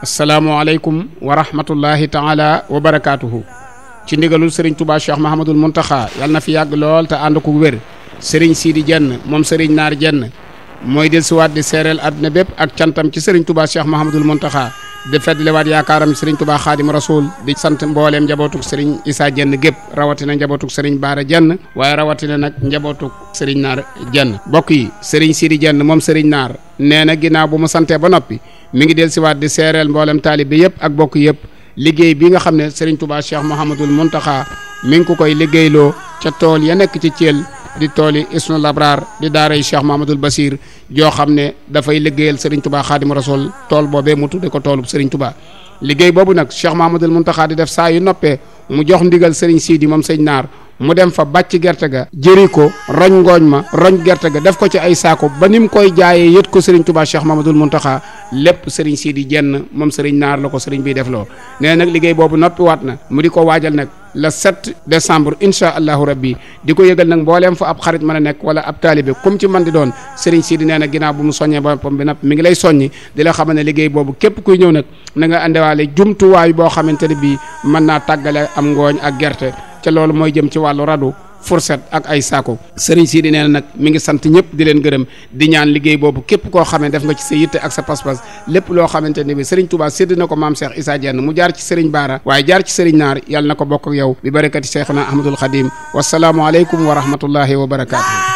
asalaamualeykum wa rahmatullahi taala wa barakaatuhu ci ndigalul sëriñ tubaa cheikh mahamadul muntaxa yàlla na fi yàgg lool te ànd ko wér sëriñ siidi jenn moom sëriñ naar jenn mooy del siwaat di seereel àdduna bépp ak cantam ci sëriñ tubaa cheikh mahamadul muntaxa di fàttaliwaat yaakaaram sëriñ Tuubaa Xaadim Rasuul di sant mbooleem njabootug sëriñ Isaa Jenn gépp rawatina njabootug sëriñ Baara Jenn waaye rawatina nag njabootug sëriñ Naar Jenn bokk yi sëriñ Sidi Jenn moom sëriñ Naar nee na ginnaaw bu mu santee ba noppi mu ngi del siwaat di seereel mbooleem taalib bi yëpp ak bokk yëpp liggéey bi nga xam ne sëriñ Tuubaa Cheikh Mouhamadul Muntaxaa mi ngi ko koy liggéeyloo ca tool ya nekk ci Thiel di tooli isnul abraar di daaray Cheikh Mahamadul Basir joo xam ne dafay liggéeyal Serigne Touba Xaadimu Rasul tool boobee mu tudde ko toolub Serigne Touba liggéey boobu nag Cheikh Mahamadul Muntaxa di def saa yu noppee mu jox ndigal sii di moom sëñ naar mu dem fa bàcc gerte ga jëri ko roñ ngooñ ma roñ gerte ga def ko ci ay saako ba ni mu koy jaayee yët ko Serigne Touba Cheikh Mamadul Muntaxa lépp sii di jenn moom Serigne Naar la ko Serigne bi def loo nee nag liggéey boobu noppiwaat na mu di ko waajal nag le 7 décembre incha allahu rabbi di ko yëgal nag mbooleem fa ab xarit ma a nekk wala ab taalibe comme ci man di doon Serigne Sidi nee na ginnaaw bu mu soññee boppam bi nag mi ngi lay soññi di la ne liggéey boobu képp kuy ñëw na nga andewaale jumtuwaay boo xamante ne bii mën naa tàggale am ngooñ ak gerte ca loolu mooy jëm ci wàllu radu fourchette ak ay saako sëriñ sii di nee na nag mi ngi sant ñëpp di leen gërëm di ñaan liggéey boobu képp koo xam ne def nga ci sa yitte ak sa pas-pas lépp loo xamante ne bi sëriñ Touba sédd na ko maam Cheikh Issa Diène mu jaar ci sëriñ Baara waaye jaar ci sëriñ Naar yàlla na ko bokk ak yow bi barakati Cheikhuna Ahmadul Xadim wasalaamualeykum wa rahmatullahi wa barakaatu.